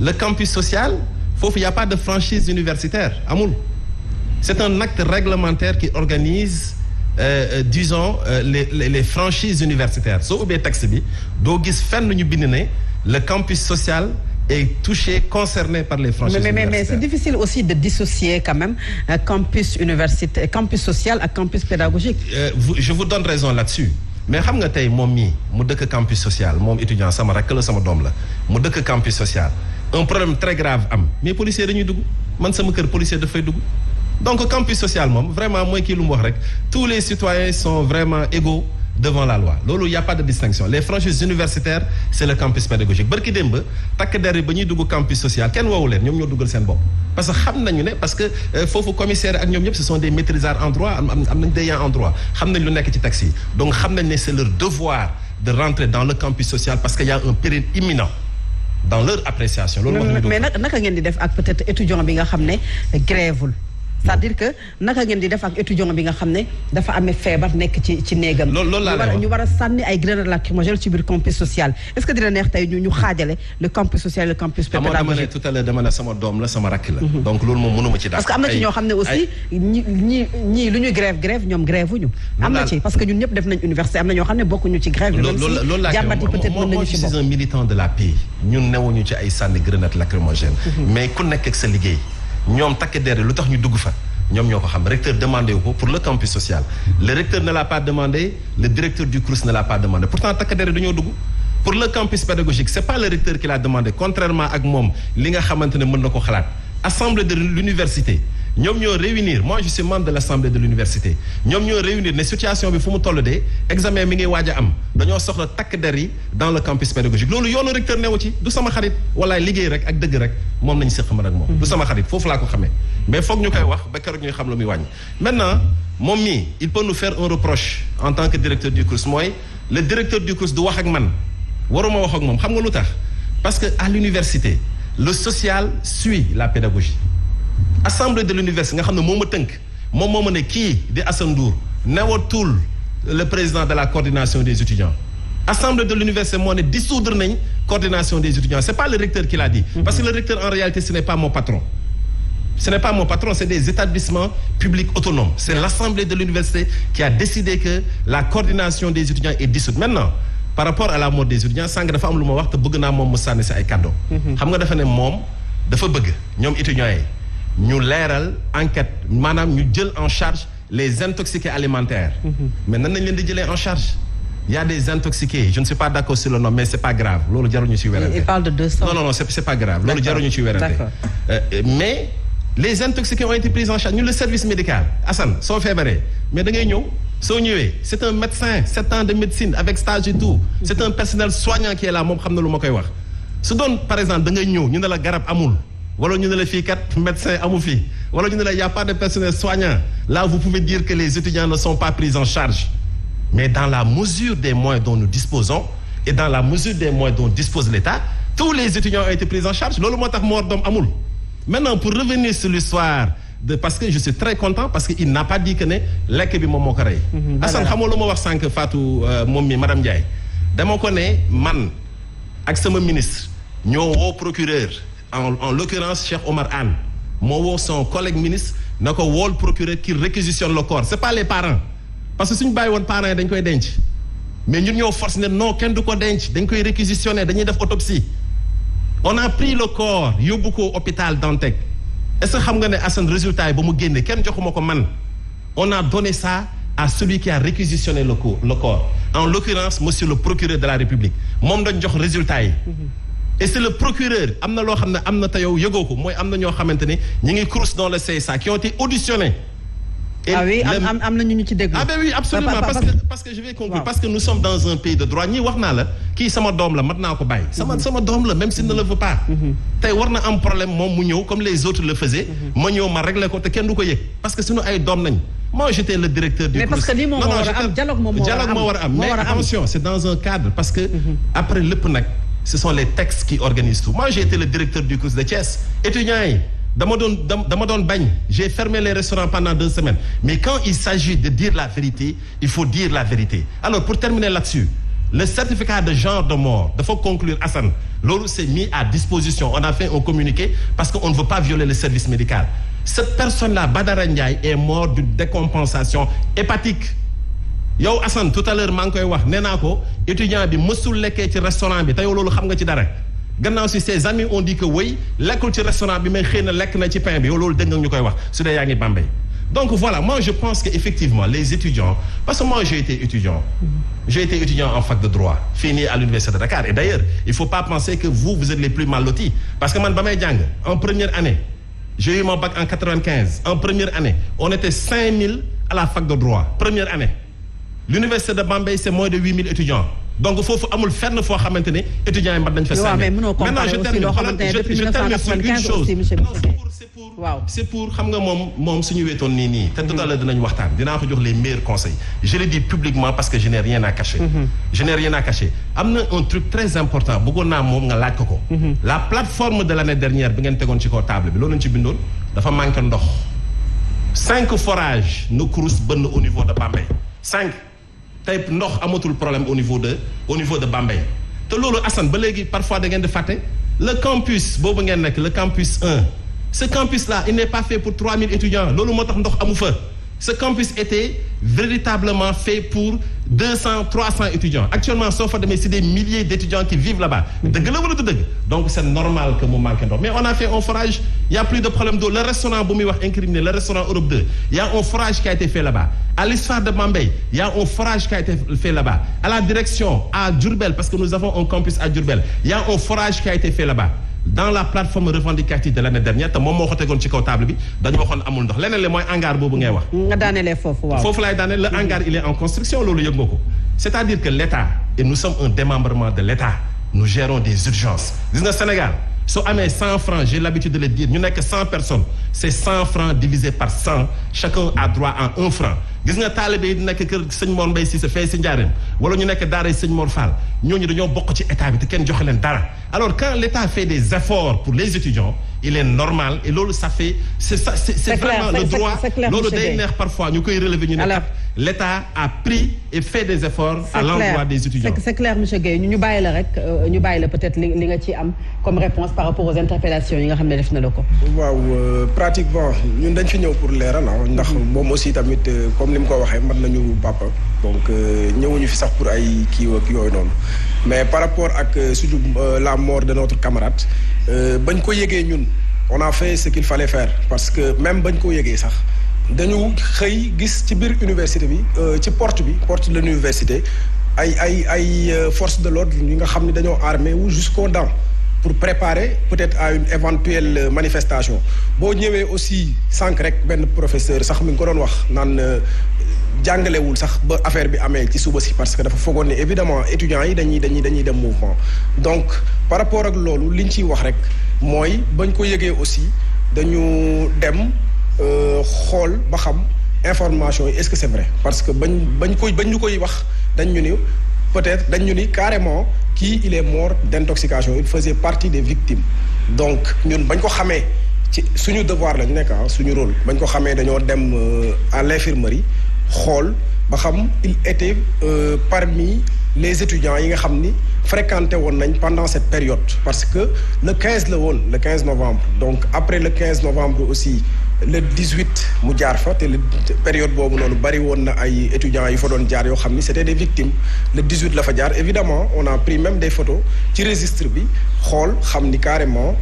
le campus social foofu y a pas de franchise universitaire amul c'est un acte réglementaire qui organise Euh, euh, disons euh, les, les les franchises universitaires soo ubbee texte bi doo gis fenn ñu bind ne le campus social est touché concerné par les franchises mais, universitaires mais mais c'est difficile aussi de dissocier quand même euh, campus universitaire campus social ak campus pédagogique. Euh, vous je vous donne raison là-dessus. mais xam nga tey moom mii mu dëkk campus social moom étudiant sama rakk la sama doom la mu dëkk campus social un problème très grave am mais policier dañuy dugg man sama kër policier dafay dugg donc campus social moom vraiment mooy kii lu mu wax rek tous les citoyens sont vraiment égaux devant la loi loolu y' pas de distinction les franchises universitaires c' est le campus pédagogique barki démb takk der ba ñuy dugg campus social kenn woowu ñoom ñoo duggal seen bopp. parce que xam nañu ne parce que euh, foofu commissaire ak ñoom ñëpp ce sont des maîtrisards en am am nañ des xam nañ lu nekk ci taxi donc xam nañ ne c' est leur devoir de rentrer dans le campus social parce que y' a un péril imminent. dans leur naka ngeen di def ak peut-être c'est-à-dire que naka ngeen di def ak étudiant bi nga xam ne dafa amee feebar nekk ci néegam ñu war a sànni ay grenades lacrymogènes ci biir campus social est-ce que dina neex tey ñu xaajale le campus social le campus pédagogique dama ne tout à l'heure sama doom la sama rakk la mhm. donc loolu moom mënuma ci dara parce am na ci ñoo xam ne aussi ñii lu ñuy grève grève ñoom grève uñu am na ci parce que ñun ñëpp def nañ université am na ñoo xam ne bokkuñu ci grève même ñoom takk der lu tax ñu dugg fa ñoom ñoo ko xam recteur demandé pour le campus social le recteur ne l'a pas demandé le directeur du CROUS ne l'a pas demandé pourtant takk der dañoo dugg pour le campus pédagogique c'est pas le recteur qui l'a demandé contrairement ak moom li nga xamante ne mën na ko xalaat assemblée de l'université ñoom ñoo réunir moi je suis membre de l'assemblée de l'université ñoom ñoo réunir ne situation bi fu mu toll de examen mi ngi waaj a am dañoo soxla takk der yi dans le campus pédagogique loolu yoonu recteur newu ci du sama xarit walaay liggéey rek ak dëgg rek moom nañ séq man ak moom du sama xarit foofu laa ko xamee mais foog ñu koy wax ba keroog ñuy xam lu muy wàññi maintenant moom mii il peut nous faire un reproche en tant que directeur du cours mooy le directeur du cours du wax ak man wax ak moom xam nga lu tax parce que à l'université le social suit la pédagogie assemblée de l'université nga xam ne moo ma tënk moom moo ma ne kii di Assane Ndour newatul le président de la coordination des étudiants assemblée de l'université moo ne dissoudre nañ coordination des étudiants c'est pas le recteur qui l'a dit mm-hmm. parce que le recteur en réalité ce n'est pas mon patron ce n'est pas mon patron c'est des établissements publics autonomes c'est l'assemblée de l'université qui a décidé que la coordination des étudiants est dissoute maintenant par rapport à la mort des étudiants sànq dafa am lu ma wax te bëgg naa moom mu sànni si ay cadeau mm-hmm. xam moom dafa bëgg ñoom étudiants ñu leeral enquête maanaam ñu jël en charge les intoxiqués alimentaires. Mm-hmm. mais nan nañ leen di jëlee en charge. ya des intoxiqués je ne suis pas d'accord sur le nom mais c'est pas grave loolu jaruñu ci werante. il parle de c'est pas grave loolu jaruñu ci werante. Euh, mais les intoxiqués ont été pris en charge ñu le service médical Assane soo feebaree mais da ngay ñëw. soo ñëwee c'est un médecin sept ans de médecine avec stage et tout c'est un personnel soignant moom xam na lu ma koy wax su doon par exemple da ngay ñëw ñu la garab amul. wala ñu ne la fii kat médecin amu fi wala ñu ne la y' a pas de personnel soignant là vous pouvez dire que les étudiants ne sont pas pris en charge mais dans la mesure des moyens dont nous disposons et dans la mesure des moyens dont dispose l'État tous les étudiants ont été pris en charge loolu moo tax mort d'homme amul maintenant pour revenir sur l'histoire de parce que je suis très content parce que il n'a pas dit que ne lekk bi moom moo ko rey mhm, Assane xamoo lu ma wax sànq euh, moom mi madame Ndiaye dama ko ne man ak sama ministre ñoo woo en en l'occurrence Cheikh Omar Anne moo woo son collègue ministre na ko wool procureur qui réquisitionne le corps c'est pas les parents parce que suñu bàyyi woon parents yi dañ koy denc mais ñun ñoo force ne non kenn du ko denc dañ koy réquisitionner dañuy def autopsie on a pris le corps yóbbu ko hôpital Dantec est-ce que xam nga ne Assane résultat yi ba mu génne kenn joxuma ko man on a donné ça a celui qui a réquisitionné le corps le corps en l'occurrence monsieur procureur de la République moom dañ jox résultat yi mm-hmm. et c'est le procureur am na loo xam ne am na te yow yëgoo ko mooy am na ñoo xamante ne ñi ngi crouche dans le CSA qui ont été auditionnés. ah am na ñu ñu ci déglu. ah ben oui absolument parce que parce que dans un pays de droit ñii wax naa la kii sama doom la mat naa ko bàyyi. sama mhm. sama doom la même s'il ne le veut pas. Mhm. tey war na am problème moom mu ñëw comme les autres le faisaient. Mhm. ma ñëw ma régler ko te kenn du ko yëg parce que suñu ay doom nañ. moi j'étais le directeur du. a am dialogue a am mais attention que après lépp nag. ce sont les textes qui organisent tout moi j'ai été le directeur du COUS de Thiès étudiants yi dama doon dama doon bañ j'ai fermé les restaurants pendant deux semaines mais quand il s'agit de dire la vérité il faut dire la vérité alors pour terminer là-dessus le certificat de genre de mort dafa conclure Assane loolu c'est mis à disposition on a fait on communiqué parce qu'on ne veut pas violer le service médical cette personne-là Badara Ndiaye est mort d'une yow Assane tout à l'heure maa ngi koy wax nee naa ko étudiant bi mësul lekkee ci restaurant bi te yow loolu xam nga ci dara gannaaw si ses amis ont dit wëy lekkul ci restaurant bi mais xëy na lekk na ci pain bi yow loolu dégg nga ñu koy wax su dee yaa ngi Bambey donc voilà moi je pense que effectivement les étudiants parce que moi j'ai été étudiant en fac de droit fii nii à l'université de Dakar et d'ailleurs il faut pas penser que vous vous êtes les plus mal lotis parce que man en première année j'ai eu mon à la fac de droit première l'université de Bambey c'est moins de huit mille étudiants donc foofu amul fenn foo xamante ne étudiants yi mat nañ fa. seen maintenant je termine je je termine sur une chose non c'est pour waaw c'est pour xam nga moom moom suñu weetoon nii nii. te tout à l'heure dinañ waxtaan dinaa ko jox les meilleurs conseils je le dis publiquement parce que je n'ai rien à cacher. Mm-hmm. je n'ai rien à cacher am na un truc très important bëggoon naa moom nga laaj ko ko. Mm-hmm. la plateforme de l'année dernière bi ngeen tegoon ci kaw table bi loolu lañ ci bindoon dafa manqué ndox. cinq forages nu Crous bënn au niveau de Bambey cinq. tey ndox amatul problème au niveau de au niveau de Bambey te loolu Assane ba léegi parfois da ngeen di fàtte le campus boobu ngeen nekk le campus 1 ce campus là il n'est pas fait pour 3000 étudiants loolu moo tax ndox amu fa. ce campus était véritablement fait pour cent trois cent étudiants actuellement soo fa demee c'est des milliers d'étudiants qui vivent là-bas dëgg la wala du donc c'est normal que mu manque ndox mais on a fait un forage il y a plus de problème d'eau le restaurant bu muy wax incriminé le restaurant Europe 2 il y a un forage qui a été fait là-bas à l'ISFA de Bambey y a un forage qui a fait la direction à Diourbel parce que nous avons un campus à bas dans la plateforme revendicative de l'année dernière te moom moo ko tegoon ci kaw table bi dañu waxoon amul ndox leneen li mooy hangar boobu ngay wax. nga daanelee foofu waaw. foofu laay daaneel le hangar il est en construction loolu yëg nga ko c'est-à-dire que l'État et nous sommes un démembrement de l'État nous gérons des urgences gis nga Sénégal su amee cent francs j'ai l'habitude de le dire ñu nekk cent personnes c'est cent francs divisé par cent chacun a droit à un franc. gis nga taalibe yi di nekk kër sëñ Mor Mbaye Cissé fee si Njaareem wala ñu nekk daara sëñ Mor Fall ñooñu dañoo bokk ci état bi te kenn joxe leen dara alors quand l' état fait des efforts pour les étudiants il est normal loolu ça fait c'est ça c'est vraiment le droit loolu day neex parfois ñu koy relever ñu ne ah, l'État a pris et fait des efforts à l'endroit des étudiants c'est clair monsieur Guèye ñu bàyyi la rek euh, ñu bàyyi la peut-être li li nga ci am comme réponse par rapport aux interpellations yi nga xam ne def na la ko waaw euh, pratiquement ñun dañ fi ñëw pour leeral ah. ndax mhm. moom aussi tamit euh, comme ni mu ko waxee mën nañu papa donc ñëwuñu fi sax pour ay kii yooyu noonu mais par rapport ak surtout la mort de notre camarade Euh, bañ ko yëgee ñun on a fait ce qu'il fallait faire parce que même bañ ko yëgee sax dañu xëy gis ci biir université bi euh, ci porte bi porte de l'université ay ay ay euh, force de l'ordre yi nga xam ne dañoo armé wu jusqu'aux dents pour préparer peut-être à une éventuelle euh, manifestation boo ñëwee aussi sànq rek benn professeur sax mi ngi ko doon wax naan euh, jàngalewul sax ba affaire bi amee ci suba si parce que dafa foogoon ne évidemment étudiants yi dañuy dañuy dañuy dem mouvement donc par rapport ak loolu li liñ ciy wax rek mooy bañ ko yegee aussi dañu dem euh, xool ba xam information yi est-ce que c'est vrai parce que bañ bañ koy bañ ñu koy wax dañ ñu ni peut-être dañ ñu ni carrément kii il est mort d'intoxication il faisait partie des victimes donc ñun bañ ko xamee ci suñu devoir lañ nekk ah suñu rôle bañ ko xamee dañoo dem euh, à l'infirmerie xool ba xam il était euh, parmi les étudiants yi nga xam ni fréquenté woon nañ pendant cette période parce que le 15 la woon le 15 novembre donc après le 15 novembre aussi le 18 mu jaar fa te le période boobu noonu bari woon na ay étudiants yu fa doon jaar yoo xam ni c'était des victimes le 18 la fa jaar évidemment on a pris même des photos ci registre bi xool xam ni carrément